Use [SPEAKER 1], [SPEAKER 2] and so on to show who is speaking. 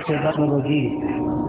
[SPEAKER 1] الشيطان الرجيم